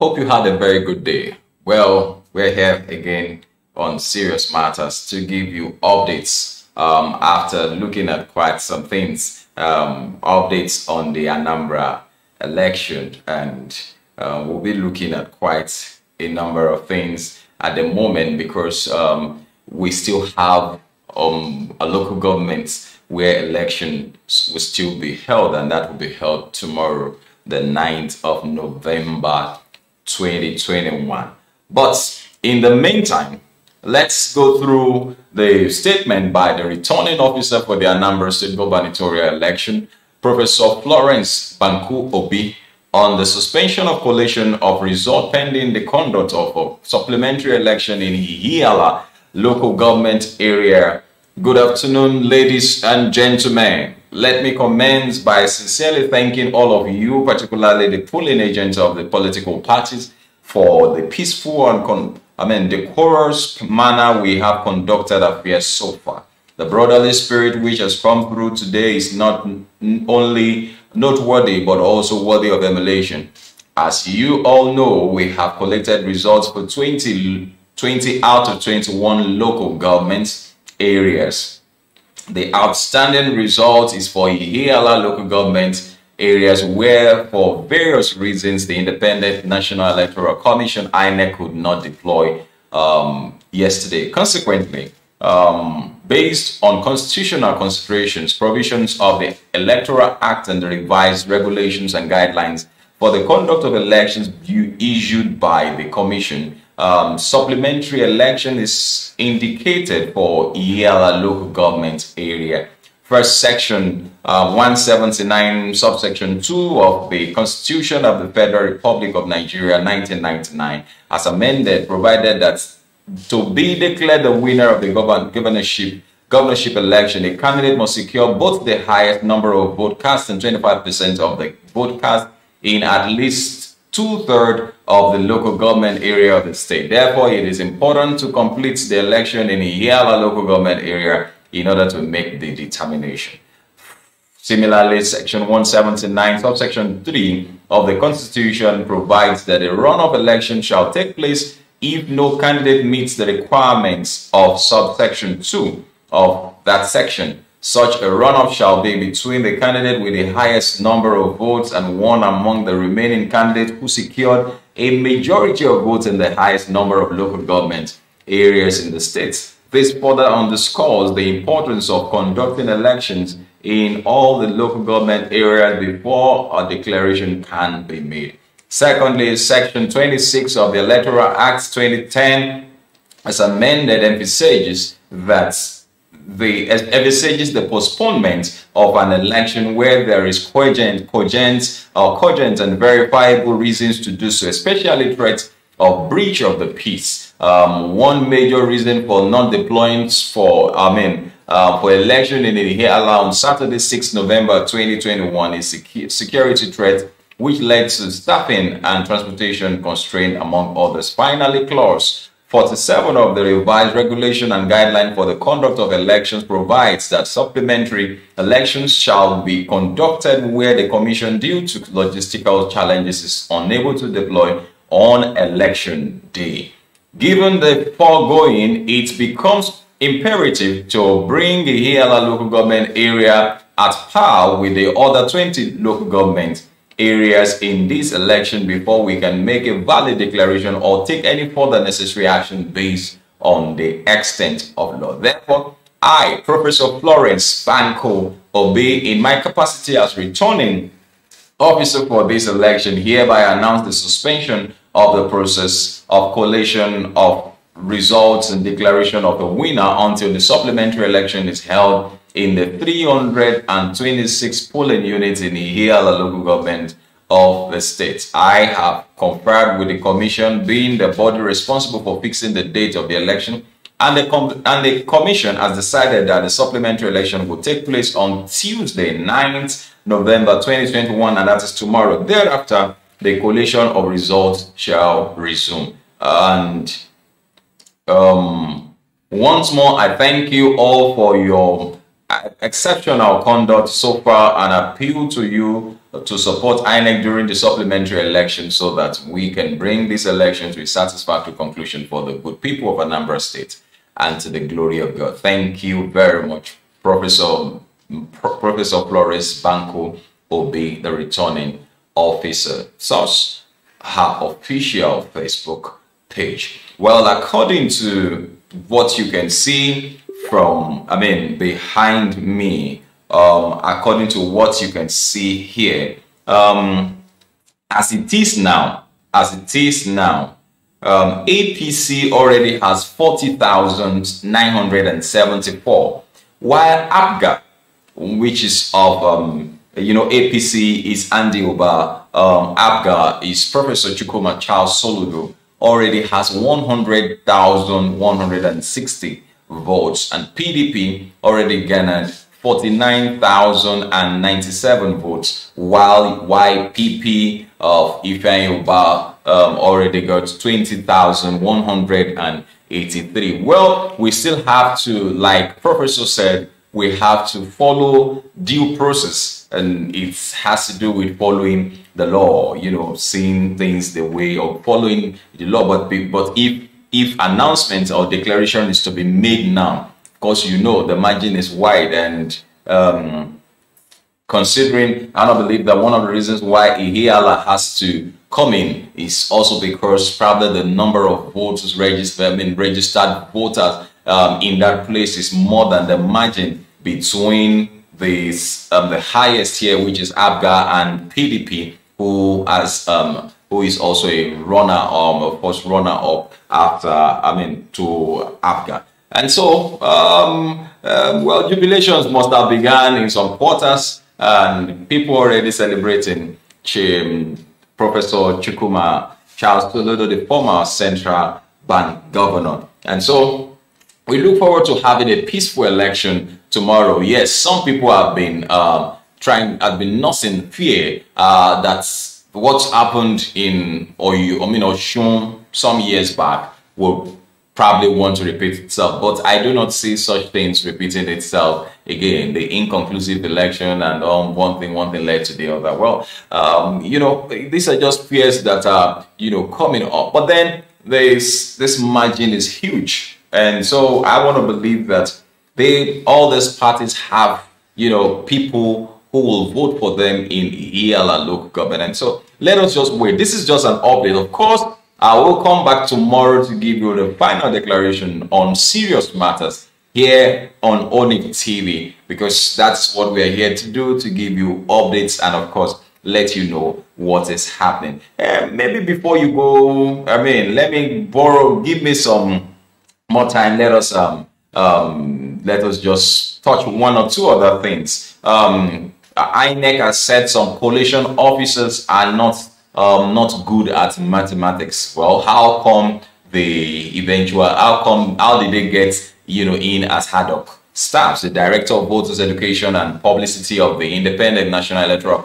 Hope you had a very good day. Well, we're here again on serious matters to give you updates um, after looking at quite some things, um, updates on the Anambra election, and uh, we'll be looking at quite a number of things at the moment because um, we still have um, a local government where elections will still be held, and that will be held tomorrow, the 9th of November 2021. But in the meantime, let's go through the statement by the returning officer for the Anambra State gubernatorial election, Professor Florence Banku Obi, on the suspension of collation of result pending the conduct of a supplementary election in Ihiala local government area. Good afternoon, ladies and gentlemen let me commence by sincerely thanking all of you, particularly the polling agents of the political parties, for the peaceful and I mean decorous manner we have conducted affairs so far. The brotherly spirit which has come through today is not only noteworthy but also worthy of emulation. As you all know, we have collected results for 20, 20 out of 21 local government areas. The outstanding result is for Ihiala local government areas where, for various reasons, the Independent National Electoral Commission (INEC) could not deploy um, yesterday. Consequently, um, based on constitutional considerations, provisions of the Electoral Act and the revised regulations and guidelines for the conduct of elections issued by the Commission, um, supplementary election is indicated for Yala local government area. First section uh, 179, subsection 2 of the Constitution of the Federal Republic of Nigeria 1999, as amended, provided that to be declared the winner of the govern governorship governorship election, a candidate must secure both the highest number of vote cast and 25% of the vote cast in at least two-thirds of the local government area of the state. Therefore, it is important to complete the election in Yala local government area in order to make the determination. Similarly, Section 179, subsection 3 of the Constitution provides that a runoff election shall take place if no candidate meets the requirements of subsection 2 of that section. Such a runoff shall be between the candidate with the highest number of votes and one among the remaining candidates who secured a majority of votes in the highest number of local government areas in the states. This further underscores the importance of conducting elections in all the local government areas before a declaration can be made. Secondly, Section 26 of the Electoral Act 2010, as amended, envisages that the envisages the postponement of an election where there is cogent, cogent, or uh, cogent and verifiable reasons to do so, especially threats of breach of the peace. Um, one major reason for not deploying for, I mean, uh, for election in Nigeria on Saturday, 6 November 2021 is secu security threat which led to staffing and transportation constraint among others. Finally, clause 47 of the revised regulation and guideline for the conduct of elections provides that supplementary elections shall be conducted where the commission due to logistical challenges is unable to deploy on election day. Given the foregoing, it becomes imperative to bring the Hiala local government area at par with the other 20 local governments areas in this election before we can make a valid declaration or take any further necessary action based on the extent of law. Therefore, I, Professor Florence Banco Obey, in my capacity as returning officer for this election, hereby announce the suspension of the process of collation of results and declaration of the winner until the supplementary election is held in the 326 polling units in Ihiala local government of the state. I have conferred with the commission, being the body responsible for fixing the date of the election, and the, and the commission has decided that the supplementary election will take place on Tuesday, 9th November 2021, and that is tomorrow. Thereafter, the collation of results shall resume. And um, once more, I thank you all for your uh, exceptional conduct so far and appeal to you to support INEC during the supplementary election so that we can bring these elections to a satisfactory conclusion for the good people of Anambra State and to the glory of God. Thank you very much, Professor, Pro Professor Flores Banco Obi, the returning officer. Source: her official Facebook page. Well, according to what you can see from, I mean, behind me, um, according to what you can see here. Um, as it is now, as it is now, um, APC already has 40,974, while APGA, which is of, um, you know, APC is Andy Oba, um, APGA is Professor Chukuma Charles Soludo, already has 100,160 votes, and PDP already garnered 49,097 votes, while YPP of Ifeanyi um, already got 20,183. Well, we still have to, like Professor said, we have to follow due process and it has to do with following the law, you know, seeing things the way of following the law. But, but if, if announcement or declaration is to be made now, because you know the margin is wide and um, considering I don't believe that one of the reasons why Ihiala has to come in is also because probably the number of voters registered, I mean registered voters um, in that place is more than the margin between this um, the highest here, which is Abga and PDP, who has um, who is also a runner, um, of course, runner up after I mean to Abga. And so, um, um, well, jubilations must have begun in some quarters, and people already celebrating Chim, Professor Chukuma Charles Toledo, the former Central Bank governor. And so, we look forward to having a peaceful election tomorrow. Yes, some people have been uh, trying, have been nursing fear uh, that what happened in Oyo, I mean Oshun, some years back will probably want to repeat itself. But I do not see such things repeating itself again. The inconclusive election and um, one thing, one thing led to the other. Well, um, you know, these are just fears that are, you know, coming up. But then this this margin is huge. And so I want to believe that they all these parties have, you know, people who will vote for them in EL local government. so let us just wait. This is just an update. Of course, I will come back tomorrow to give you the final declaration on serious matters here on Onyx TV because that's what we are here to do to give you updates and of course let you know what is happening. And eh, maybe before you go, I mean, let me borrow, give me some more time. Let us um um let us just touch one or two other things. Um INEC has said some coalition officers are not um, not good at mathematics. Well, how come the eventual, how come, how did they get, you know, in as Haddock? staffs? the director of voters education and publicity of the Independent National Electoral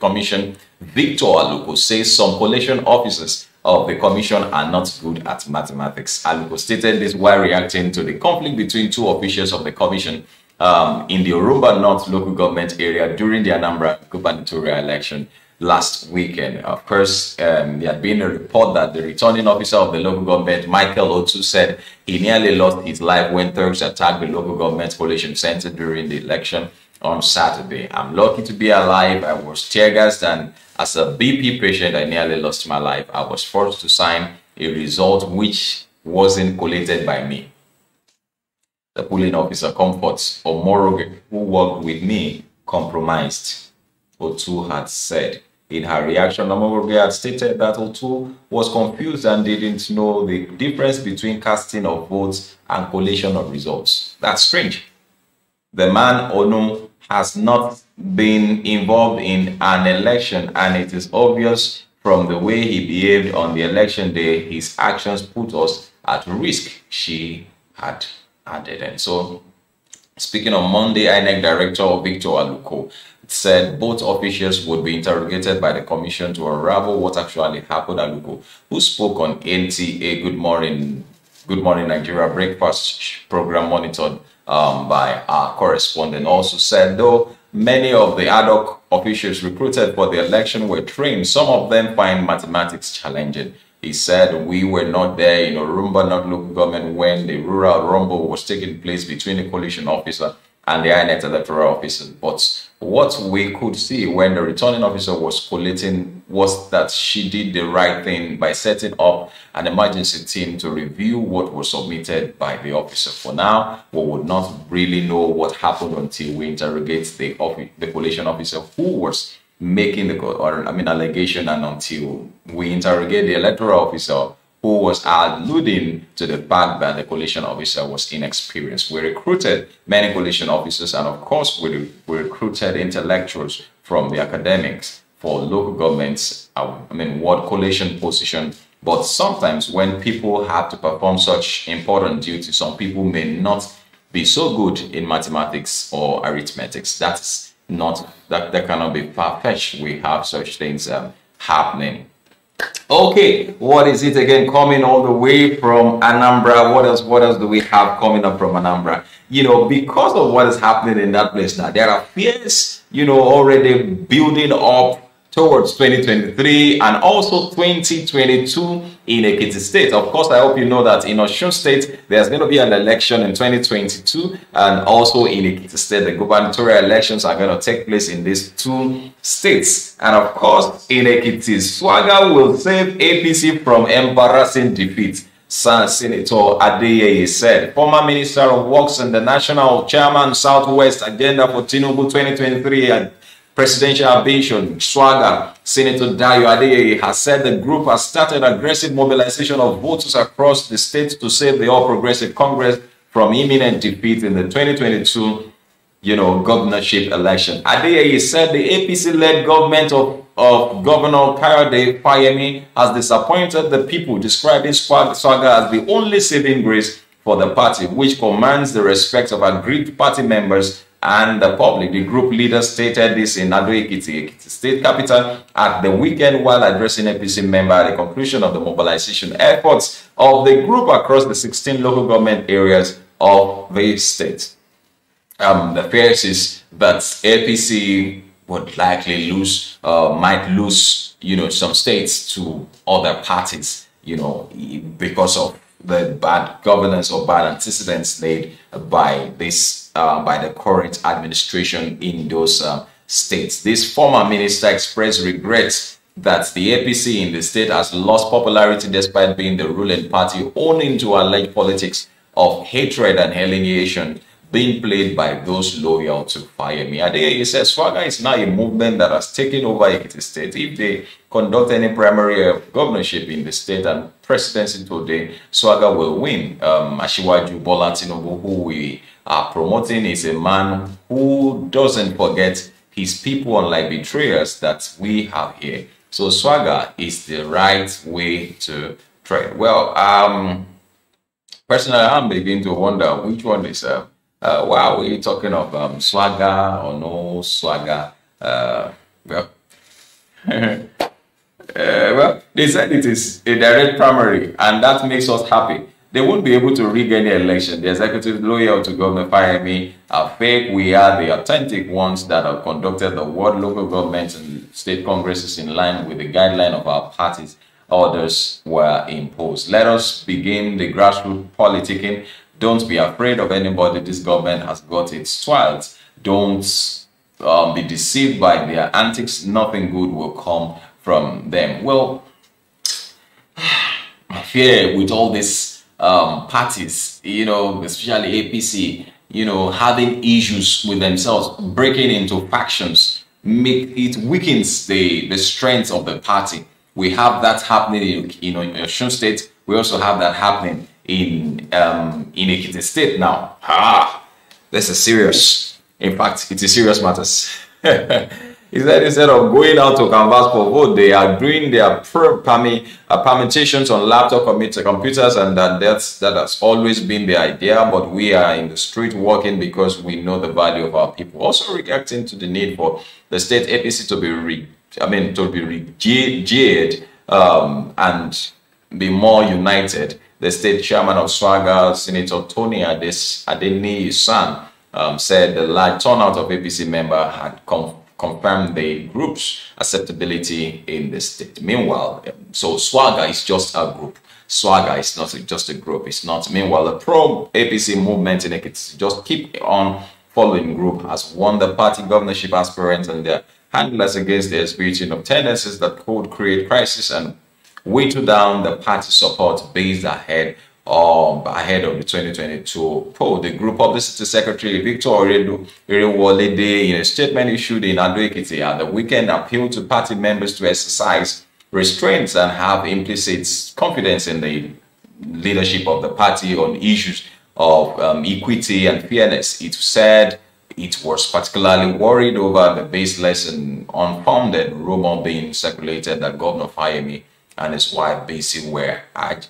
Commission, Victor Aluko, says some collation officers of the commission are not good at mathematics. Aluko stated this while reacting to the conflict between two officials of the commission um, in the Orumba North local government area during the Anambra gubernatorial election last weekend. Of course, um, there had been a report that the returning officer of the local government, Michael Otu, said he nearly lost his life when Turks attacked the local government coalition center during the election on Saturday. I'm lucky to be alive. I was tear gassed, and as a BP patient, I nearly lost my life. I was forced to sign a result which wasn't collated by me. The polling officer comforts Omoroge, who worked with me, compromised. Otu had said. In her reaction, Namogorge had stated that Otu was confused and didn't know the difference between casting of votes and collation of results. That's strange. The man Onu has not been involved in an election and it is obvious from the way he behaved on the election day, his actions put us at risk, she had added. And so Speaking on Monday, INEC Director Victor Aluko said both officials would be interrogated by the commission to unravel what actually happened. Aluko, who spoke on NTA Good Morning, Good Morning Nigeria breakfast program monitored um, by our correspondent, also said though many of the ad hoc officials recruited for the election were trained, some of them find mathematics challenging. He said, We were not there in Orumba, not local government, when the rural rumble was taking place between the coalition officer and the INET electoral officer. But what we could see when the returning officer was collating was that she did the right thing by setting up an emergency team to review what was submitted by the officer. For now, we would not really know what happened until we interrogate the, the coalition officer who was making the or I mean allegation and until we interrogate the electoral officer who was alluding to the fact that the coalition officer was inexperienced. We recruited many coalition officers and of course we, we recruited intellectuals from the academics for local governments, um, I mean what coalition position. But sometimes when people have to perform such important duties, some people may not be so good in mathematics or arithmetics. That's not that that cannot be far-fetched we have such things um, happening okay what is it again coming all the way from anambra what else what else do we have coming up from anambra you know because of what is happening in that place now there are fears you know already building up towards 2023 and also 2022 in Ekiti State. Of course, I hope you know that in Osun State, there's going to be an election in 2022 and also in Ekiti State, the gubernatorial elections are going to take place in these two states. And of course, in Ekiti, Swagger will save APC from embarrassing defeat. San Senator Adeyeye said. Former Minister of Works and the National Chairman Southwest Agenda for Tinubu 2023 Presidential ambition, swagger. Senator Dayo Adeyeye has said the group has started aggressive mobilization of voters across the state to save the All Progressive Congress from imminent defeat in the 2022, you know, governorship election. Adeyeye said the APC-led government of, of Governor Kayode Fayemi has disappointed the people, describing swagger as the only saving grace for the party, which commands the respect of aggrieved party members and the public. The group leader stated this in Ado Ekiti, state capital, at the weekend while addressing APC member at the conclusion of the mobilization efforts of the group across the 16 local government areas of the state. Um, the fears is that APC would likely lose, uh, might lose, you know, some states to other parties, you know, because of the bad governance or bad antecedents laid by this uh, by the current administration in those uh, states. This former minister expressed regrets that the APC in the state has lost popularity despite being the ruling party, owing to alleged politics of hatred and alienation being played by those loyal to Fayemi Adeyeye. He says Swaga is now a movement that has taken over Ekiti State. If they conduct any primary of uh, governorship in the state and presidency today, Swaga will win. Um, Ashiwaju Bola who we are promoting is a man who doesn't forget his people, unlike betrayers that we have here. So swagger is the right way to trade. Well, um, personally, I'm beginning to wonder which one is. Uh, uh, wow, we're talking of um, swagger or no swagger. Uh, well, uh, well, they said it is a direct primary, and that makes us happy they won't be able to rig any election. The executive loyal to Governor Fahemi are fake. We are the authentic ones that have conducted the world local governments and state congresses in line with the guideline of our parties. Orders were imposed. Let us begin the grassroots politicking. Don't be afraid of anybody. This government has got its swells. Don't um, be deceived by their antics. Nothing good will come from them. Well, I fear with all this um, parties, you know, especially APC, you know, having issues with themselves, breaking into factions, make it weakens the, the strength of the party. We have that happening in, in Osun State. We also have that happening in um, in Ekiti State now. Ah, this is serious. In fact, it is serious matters. He said instead of going out to canvas for vote, they are doing their uh, permutations on laptop computers, and that that's that has always been the idea. But we are in the street working because we know the value of our people. Also reacting to the need for the state APC to be re, I mean to be regeared um, and be more united. The state chairman of Swaga, Senator Tony Adeniyi San, um, said the large turnout of APC member had come confirm the group's acceptability in the state. Meanwhile, so Swagger is just a group. Swagger is not just a group. It's not. Meanwhile, the pro APC movement in Ekiti just keep on following group has won the party governorship aspirants and their handlers against the execution of tendencies that could create crisis and whittle down the party support based ahead um, ahead of the 2022 poll. The Group Publicity Secretary Victor Irewolede, in a statement issued in Ado-Ekiti at the weekend, appealed to party members to exercise restraints and have implicit confidence in the leadership of the party on issues of um, equity and fairness. It said it was particularly worried over the baseless and unfounded rumor being circulated that Governor Fayemi and his wife Bisi were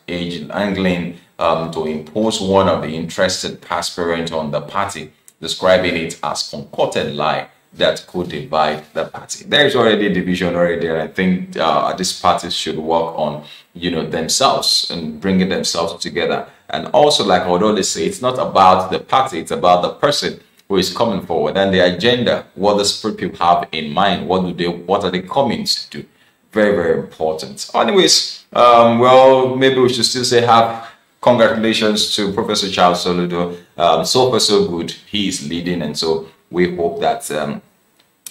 age angling um, to impose one of the interested aspirant on the party, describing it as concocted lie that could divide the party. There is already a division already, and I think uh, these parties should work on, you know, themselves and bringing themselves together. And also, like Odole say, it's not about the party; it's about the person who is coming forward and the agenda. What does people have in mind? What do they? What are they coming to do? Very, very important. Anyways, um, well, maybe we should still say have congratulations to Professor Charles Soludo. Um, so far, so good. He is leading, and so we hope that. Um,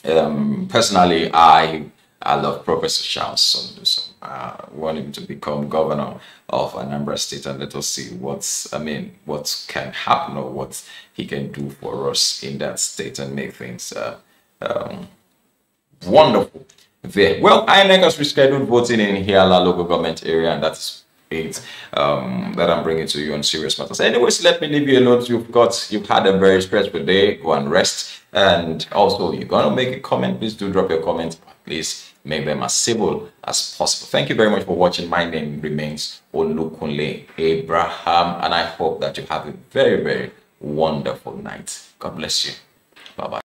um, personally, I I love Professor Charles Soludo. So uh, I want him to become governor of Anambra State, and let us see what's I mean, what can happen or what he can do for us in that state and make things uh, um, wonderful there. Well, INEC has rescheduled voting in here our local government area, and that's eight um, that I'm bringing to you on serious matters. Anyways, let me leave you alone. You've got you've had a very stressful day. Go and rest. And also, you're gonna make a comment. Please do drop your comments. Please make them as civil as possible. Thank you very much for watching. My name remains Olukunle Abraham, and I hope that you have a very very wonderful night. God bless you. Bye bye.